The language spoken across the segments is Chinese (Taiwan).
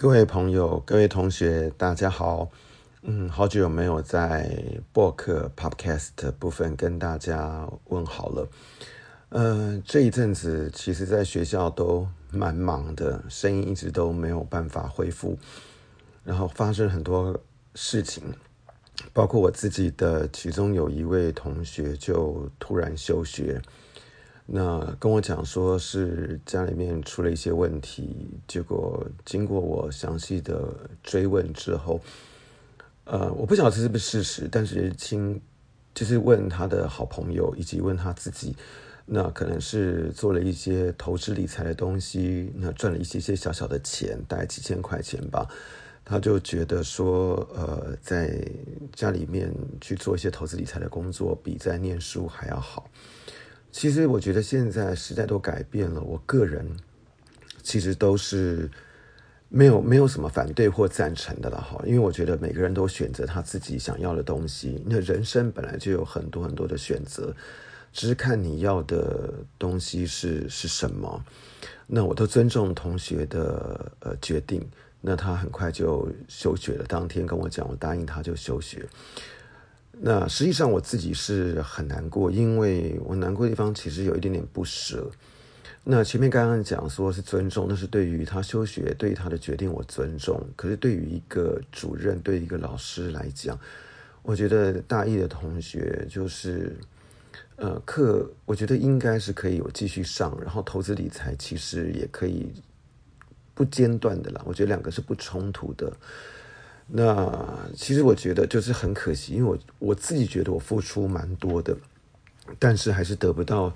各位朋友，各位同學，大家好。嗯，好久沒有在播客、Podcast 部分跟大家問好了。嗯、呃，這一陣子其實，在學校都蠻忙的，聲音一直都沒有辦法恢復，然後發生很多事情，包括我自己的，其中有一位同學就突然休學。那跟我講說是家裡面出了一些問題，結果經過我詳細的追問之後，呃，我不曉得這是不是事實，但是親就是問他的好朋友以及問他自己，那可能是做了一些投資理財的東西，那賺了一些些小小的錢，大概幾千塊錢吧，他就覺得說，呃，在家裡面去做一些投資理財的工作，比在念書還要好。其實我覺得現在時代都改變了，我個人其實都是沒有沒有什麼反對或贊成的了哈，因為我覺得每個人都選擇他自己想要的東西，那人生本來就有很多很多的選擇，只是看你要的東西是是什麼。那我都尊重同學的呃決定，那他很快就休學了，當天跟我講，我答應他就休學。那實際上我自己是很難過，因為我難過的地方其實有一點點不捨。那前面剛剛講說是尊重，那是對於他休學，對於他的決定我尊重。可是對於一個主任，對於一個老師來講，我覺得大一的同學就是，呃，課我覺得應該是可以有繼續上，然後投資理財其實也可以不間斷的啦。我覺得兩個是不衝突的。那其實我覺得就是很可惜，因為我我自己覺得我付出蠻多的，但是還是得不到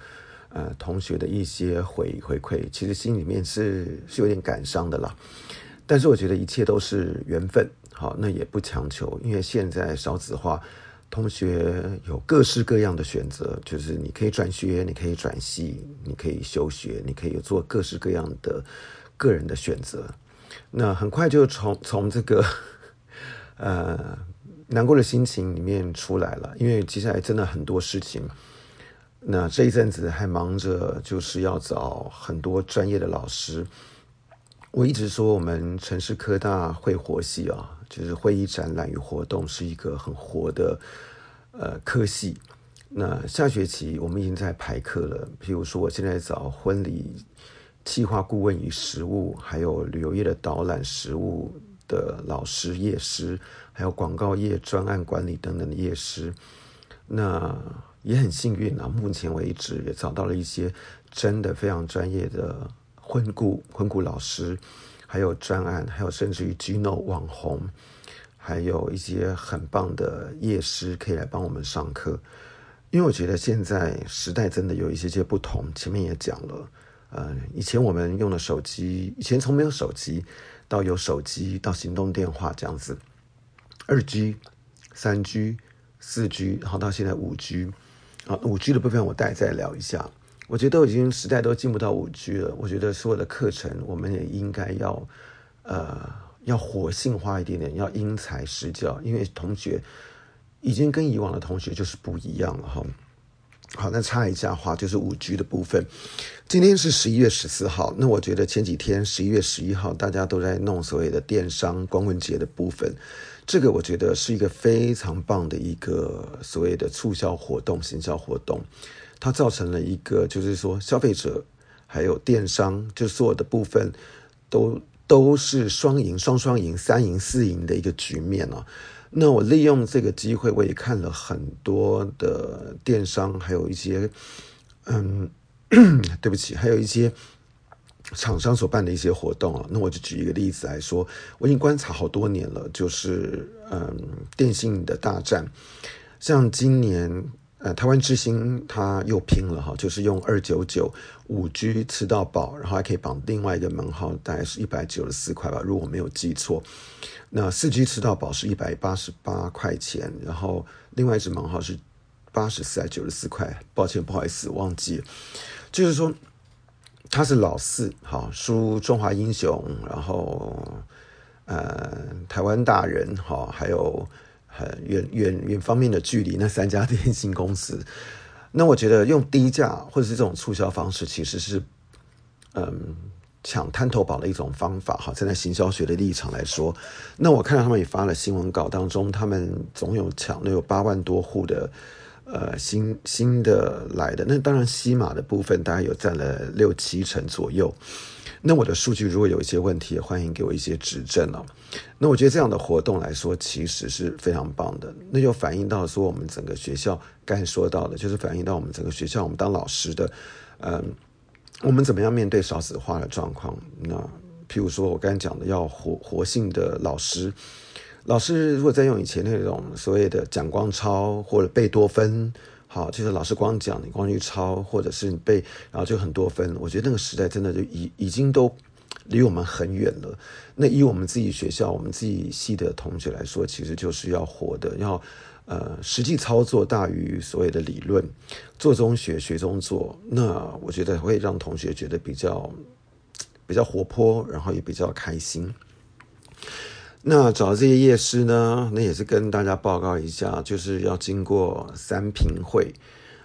呃同學的一些回回饋，其實心裡面是是有點感傷的啦。但是我覺得一切都是緣分，好，那也不強求，因為現在少子化，同學有各式各樣的選擇，就是你可以轉學，你可以轉系，你可以休學，你可以做各式各樣的個人的選擇。那很快就從從這個。呃，難過的心情裡面出來了，因為接下來真的很多事情，那這一陣子還忙着，就是要找很多專業的老師。我一直說，我們城市科大會活系啊、哦，就是會議展覽與活動是一個很活的呃科系。那下學期我們已經在排課了，譬如說，我現在找婚禮企劃顧問與實務，還有旅遊業的導覽實務。的老師、業師，還有廣告業專案管理等等的業師，那也很幸運啊。目前為止也找到了一些真的非常專業的婚顧、婚顧老師，還有專案，還有甚至於 Gino 網紅，還有一些很棒的業師可以來幫我們上課。因為我覺得現在時代真的有一些些不同，前面也講了，嗯、呃，以前我們用的手機，以前從沒有手機到有手機，到行動電話這樣子，二 G、三 G、四 G，然後到現在五 G，五 G 的部分我待再聊一下。我覺得都已經時代都進不到五 G 了，我覺得所有的課程我們也應該要，呃，要活性化一點點，要因材施教，因為同學已經跟以往的同學就是不一樣了哈。好，那插一下話，就是五 G 的部分。今天是十一月十四號，那我覺得前幾天十一月十一號，大家都在弄所謂的電商光棍節的部分，這個我覺得是一個非常棒的一個所謂的促銷活動、行銷活動，它造成了一個就是說消費者還有電商就所有的部分都都是雙贏、雙雙贏、三贏、四贏的一個局面啊。那我利用這個機會，我也看了很多的電商，還有一些，嗯，對不起，還有一些廠商所辦的一些活動啊，那我就舉一個例子來說，我已經觀察好多年了，就是嗯，電信的大戰，像今年。呃，台灣之星他又拼了哈，就是用二九九，五 G 吃到飽，然後還可以綁另外一個門號，大概是一百九十四塊吧，如果我沒有記錯。那四 G 吃到飽是一百八十八塊錢，然後另外一隻門號是八十四還九十四塊？抱歉，不好意思，忘記了。就是說，他是老四，好，輸中華英雄，然後呃，台灣大人，好，還有。很遠遠遠方面的距離，那三家電信公司，那我覺得用低價或者是這種促銷方式，其實是，嗯，搶灘頭堡的一種方法。哈，站在行銷學的立場來說，那我看到他們也發了新聞稿，當中他們總有搶了有八萬多戶的。呃，新新的來的。那當然，西馬的部分大概有佔了六七成左右。那我的數據如果有一些問題，也歡迎給我一些指正哦。那我覺得這樣的活動來說，其實是非常棒的。那就反映到說，我們整個學校剛才說到的，就是反映到我們整個學校，我們當老師的，嗯，呃，我們怎麼樣面對少子化的狀況？那譬如說我剛才講的，要活活性的老師。.老師如果再用以前那種所謂的講光抄或者背多分。好，就是老師光講，你光去抄，或者是你背，然後就很多分。我覺得那個時代真的就已已經都離我們很遠了。那以我們自己學校、我們自己系的同學來說，其實就是要活的，要呃實際操作大於所謂的理論，做中學，學中做。那我覺得會讓同學覺得比較比較活潑，然後也比較開心。那找這些業師呢？那也是跟大家報告一下，就是要經過三評會，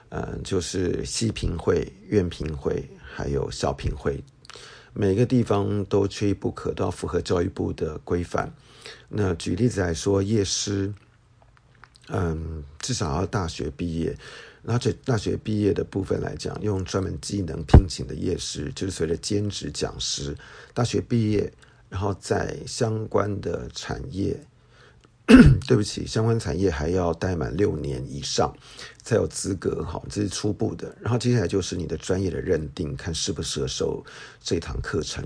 嗯，就是系評會、院評會，還有校評會，每個地方都缺一不可，都要符合教育部的規範。那舉例子來說，業師，嗯，至少要大學畢業，那這大學畢業的部分來講，用專門技能聘請的業師，就是隨着兼職講師，大學畢業。然後在相關的產業， 對不起，相關產業還要待滿六年以上，才有資格。好，這是初步的。然後接下來就是你的專業的認定，看適不適合受這一堂課程。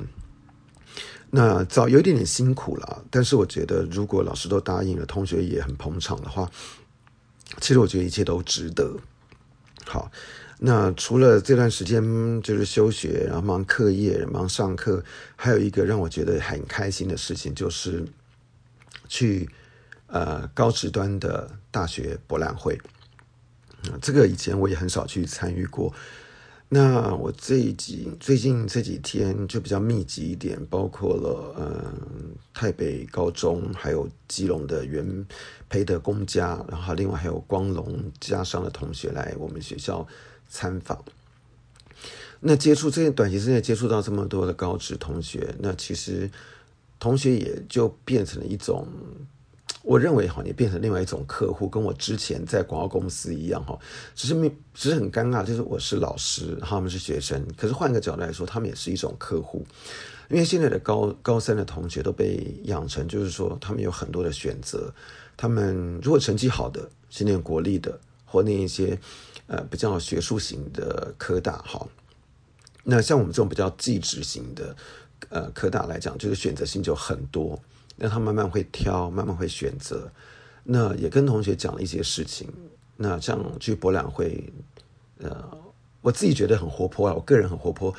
那早有一點點辛苦了，但是我覺得如果老師都答應了，同學也很捧場的話，其實我覺得一切都值得。好。那除了這段時間就是休學，然後忙課業，忙上課，還有一個讓我覺得很開心的事情，就是去呃高職端的大學博覽會。這個以前我也很少去參與過。那我這幾最近這幾天就比較密集一點，包括了嗯呃、泰北高中，還有基隆的培德工家，然後另外還有光隆家商的同學來我們學校。參訪，那接觸這些短期之內接觸到這麼多的高職同學，那其實同學也就變成了一種，我認為哈，也變成另外一種客戶，跟我之前在廣告公司一樣哈，只是沒，只是很尷尬，就是我是老師，他們是學生，可是換個角度來說，他們也是一種客戶，因為現在的高高三的同學都被養成，就是說他們有很多的選擇，他們如果成績好的，是念國立的，或念一些。呃，比較學術型的科大哈，那像我們這種比較技職型的呃科大來講，就是選擇性就很多，那他慢慢會挑，慢慢會選擇。那也跟同學講了一些事情，那像去博覽會，呃，我自己覺得很活潑啊，我個人很活潑。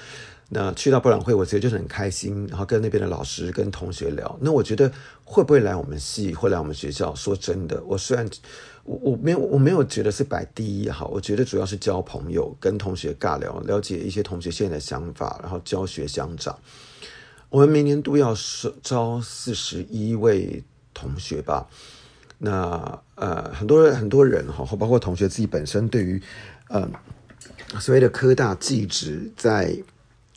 那去到博覽會，我其實就是很開心，然後跟那邊的老師、跟同學聊。那我覺得會不會來我們系，會來我們學校？說真的，我雖然我我沒有我沒有覺得是擺第一哈，我覺得主要是交朋友、跟同學尬聊，了解一些同學現在的想法，然後教學相長。我們明年度要招四十一位同學吧？那呃，很多人很多人哈，或包括同學自己本身對於呃所謂的科大技職在。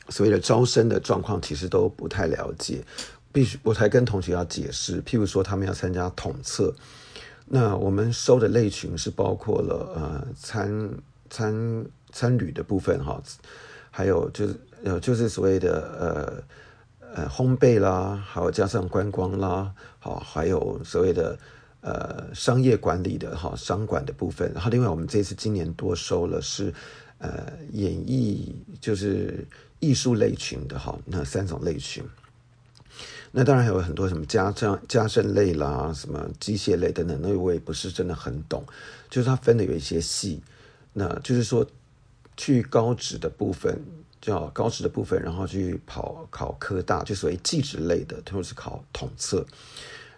所謂的招生的狀況，其實都不太了解，必須我才跟同學要解釋。譬如說，他們要參加統測，那我們收的類群是包括了呃餐餐餐旅的部分哈，還有就是呃就是所謂的呃呃烘焙啦，還有加上觀光啦，好還有所謂的呃商業管理的哈商管的部分，然後另外我們這次今年多收了是。呃，演繹就是藝術類群的哈，那三種類群。那當然還有很多什麼家政家政類啦，什麼機械類等等，那我也不是真的很懂。就是它分的有一些細，那就是說去高職的部分叫高職的部分，然後去考考科大，就屬於技職類的，通常是考統測。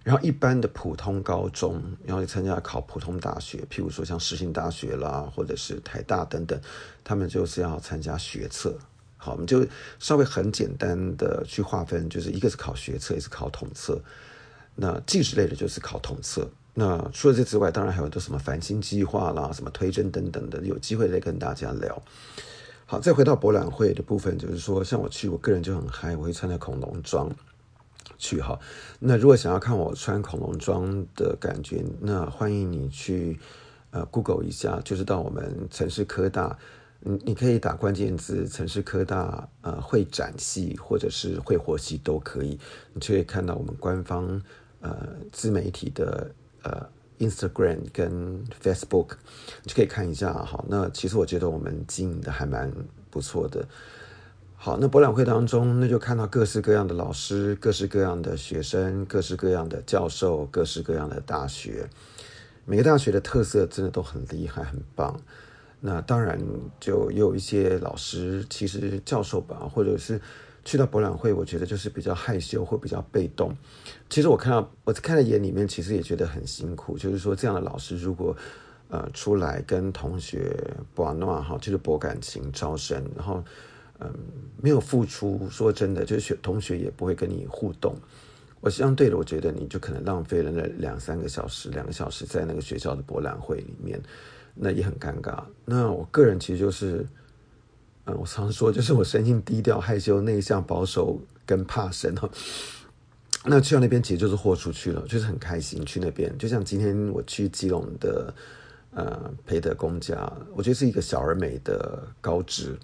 然後一般的普通高中，然後你參加考普通大學，譬如說像世新大學啦，或者是台大等等，他們就是要參加學測。好，我們就稍微很簡單的去劃分，就是一個是考學測，一個是考統測。那技術類的，就是考統測。那除了這之外，當然還有的什麼繁星計劃啦，什麼推甄等等的，有機會再跟大家聊。好，再回到博覽會的部分，就是說像我去，我個人就很嗨，我會穿著恐龍裝。去哈，那如果想要看我穿恐龍裝的感覺，那歡迎你去呃 Google 一下，就是到我們城市科大，你你可以打關鍵字“城市科大”呃會展系或者是會活系都可以，你就可以看到我們官方呃自媒體的呃 Instagram 跟 Facebook，你就可以看一下哈。那其實我覺得我們經營的還蠻不錯的。好，那博覽會當中，那就看到各式各樣的老師、各式各樣的學生、各式各樣的教授、各式各樣的大學。每個大學的特色真的都很厲害、很棒。那當然就有一些老師，其實教授吧，或者是去到博覽會，我覺得就是比較害羞或比較被動。其實我看到，我看在眼裡面，其實也覺得很辛苦。就是說，這樣的老師如果呃出來跟同學玩鬧哈，就是博感情、招生，然後。嗯，沒有付出，說真的，就是學同學也不會跟你互動。我相對的，我覺得你就可能浪費了那兩三個小時，兩個小時在那個學校的博覽會裡面，那也很尷尬。那我個人其實就是，嗯，我常常說就是我生性低調、害羞、內向、保守跟怕生哦。那去到那邊其實就是豁出去了，就是很開心去那邊。就像今天我去基隆的。呃，培德公家，我覺得是一個小而美的高職。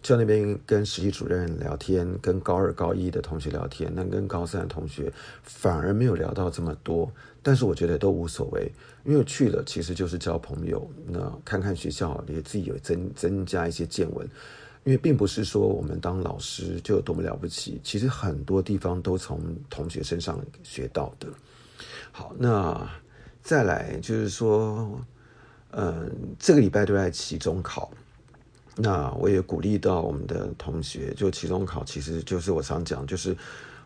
就那邊跟實習主任聊天，跟高二、高一的同學聊天，那跟高三的同學反而沒有聊到這麼多。但是我覺得都無所謂，因為去了其實就是交朋友，那看看學校，也自己有增增加一些見聞。因為並不是說我們當老師就有多麼了不起，其實很多地方都從同學身上學到的。好，那再來就是說。嗯，這個禮拜都在期中考，那我也鼓勵到我們的同學，就期中考其實就是我常講，就是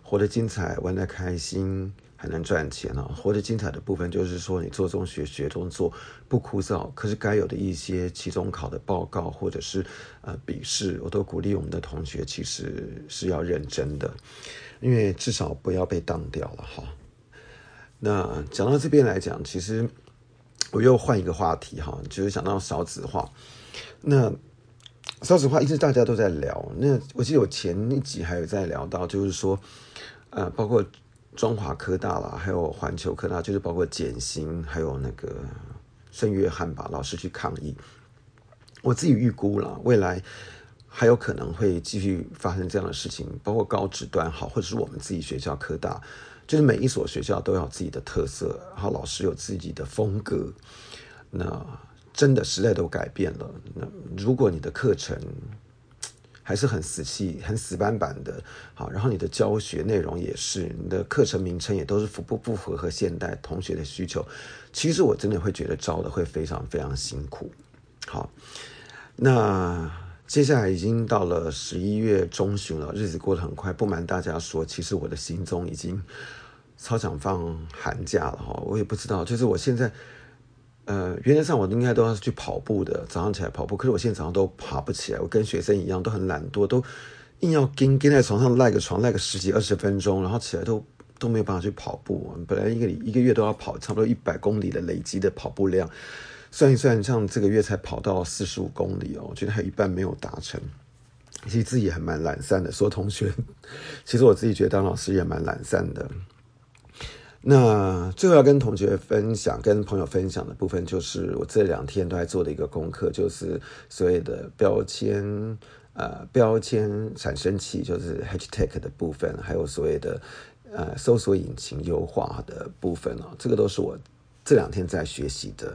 活得精彩、玩得開心，還能賺錢啊！活得精彩的部分就是說，你做中學學中做不枯燥，可是該有的一些期中考的報告或者是呃筆試，我都鼓勵我們的同學，其實是要認真的，因為至少不要被當掉了哈。那講到這邊來講，其實。我又換一個話題哈，就是想到少子化。那少子化一直大家都在聊。那我記得我前一集還有在聊到，就是說，呃，包括中華科大了，還有環球科大，就是包括減薪，還有那個聖約翰吧，老師去抗議。我自己預估了，未來還有可能會繼續發生這樣的事情，包括高職端好，或者是我們自己學校科大。就是每一所學校都有自己的特色，然後老師有自己的風格。那真的時代都改變了。那如果你的課程還是很死氣、很死板板的，好，然後你的教學內容也是，你的課程名稱也都是符不不符合現代同學的需求？其實我真的會覺得招的會非常非常辛苦。好，那。接下來已經到了十一月中旬了，日子過得很快。不瞞大家說，其實我的心中已經超想放寒假了。哈。我也不知道，就是我現在，呃，原則上我應該都要去跑步的，早上起來跑步。可是我現在早上都爬不起來，我跟學生一樣都很懶惰，都硬要跟跟在床上賴個床賴個十幾二十分鐘，然後起來都都沒有辦法去跑步。本來一個一個月都要跑差不多一百公里的累積的跑步量，算一算，像這個月才跑到四十五公里哦，我覺得還有一半沒有達成。其實自己也還蠻懶散的。說同學，其實我自己覺得當老師也蠻懶散的。那最後要跟同學分享、跟朋友分享的部分，就是我這兩天都在做的一個功課，就是所謂的標籤、呃、標籤產生器，就是 hashtag 的部分，還有所謂的呃搜索引擎優化的部分哦。這個都是我這兩天在學習的。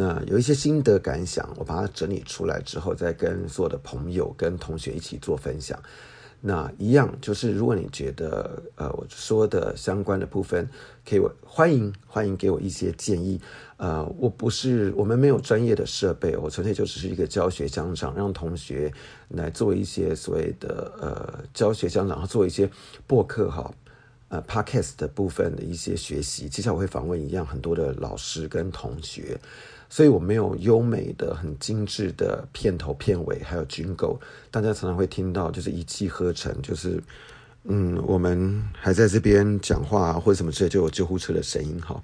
那有一些心得感想，我把它整理出來之後，再跟所有的朋友、跟同學一起做分享。那一樣就是，如果你覺得呃我說的相關的部分，可以我歡迎歡迎給我一些建議。呃，我不是我們沒有專業的設備，我純粹就只是一個教學相長，讓同學來做一些所謂的呃教學相長，然後做一些播客哈、哦，呃，Podcast 的部分的一些學習。接下來我會訪問一樣很多的老師跟同學。所以我沒有優美的、很精緻的片頭、片尾，還有 jingle。大家常常會聽到，就是一氣呵成，就是，嗯，我們還在這邊講話或者什麼之類，就有救護車的聲音。哈，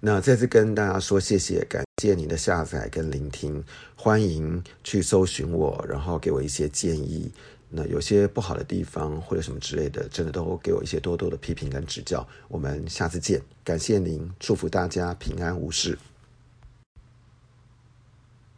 那再次跟大家說謝謝，感謝您的下載跟聆聽，歡迎去搜尋我，然後給我一些建議。那有些不好的地方或者什麼之類的，真的都給我一些多多的批評跟指教。我們下次見，感謝您，祝福大家平安無事。